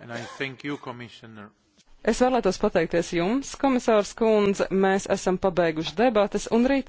You, es vēlētos pateikties jums, komisārs kundze, mēs esam pabeiguši debates un rīt